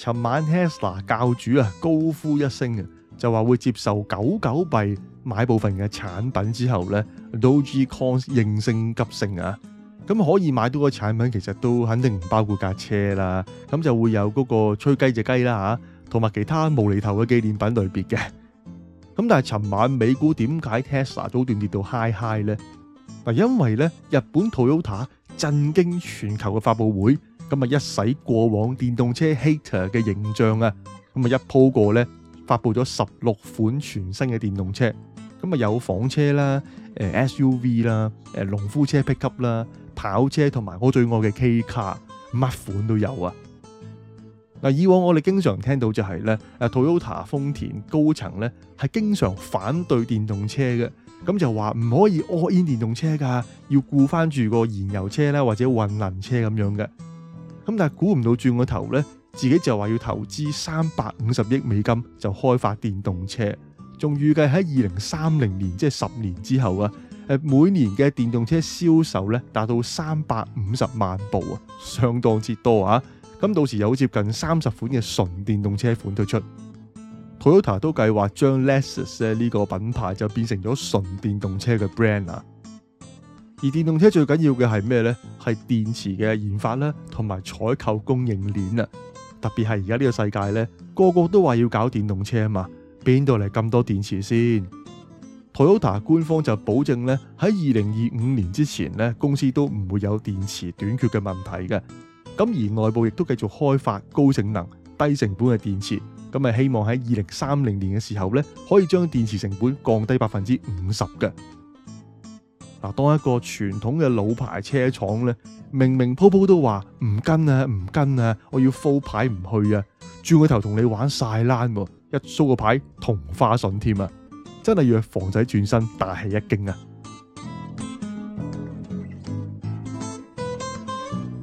尋晚 Tesla 教主啊高呼一聲啊，就話會接受狗狗幣買部分嘅產品之後咧，Dogecoin 應聲急升啊！咁可以買到嗰產品其實都肯定唔包括架車啦，咁就會有嗰個吹雞隻雞啦嚇，同埋其他無厘頭嘅紀念品類別嘅。咁但係尋晚美股點解 Tesla 早段跌到 high high 咧？嗱，因為咧日本 Toyota 震驚全球嘅發佈會。咁啊！一洗過往電動車 hater 嘅形象啊，咁啊一鋪過呢，發布咗十六款全新嘅電動車。咁啊，有房車啦、誒、呃、SUV 啦、誒、呃、農夫車 pickup 啦、跑車同埋我最愛嘅 K car，乜款都有啊！嗱，以往我哋經常聽到就係呢啊，Toyota 豐田高層呢係經常反對電動車嘅，咁就話唔可以 all-in 電動車㗎，要顧翻住個燃油車啦或者混能車咁樣嘅。咁但係估唔到轉個頭呢，自己就話要投資三百五十億美金就開發電動車，仲預計喺二零三零年，即係十年之後啊，誒，每年嘅電動車銷售咧達到三百五十萬部啊，相當之多啊，咁到時有接近三十款嘅純電動車款推出，Toyota 都計劃將 Lexus 咧呢個品牌就變成咗純電動車嘅 brand 而電動車最緊要嘅係咩呢？係電池嘅研發啦，同埋採購供應鏈啊！特別係而家呢個世界呢，個個都話要搞電動車啊嘛，邊度嚟咁多電池先？Toyota 官方就保證呢，喺二零二五年之前呢，公司都唔會有電池短缺嘅問題嘅。咁而內部亦都繼續開發高性能、低成本嘅電池，咁咪希望喺二零三零年嘅時候呢，可以將電池成本降低百分之五十嘅。嗱，當一個傳統嘅老牌車廠咧，明明鋪鋪都話唔跟啊，唔跟啊，我要 f 牌唔去啊，轉個頭同你玩晒冷啊，一 show 個牌同花順添啊，真係要房仔轉身大吃一驚啊！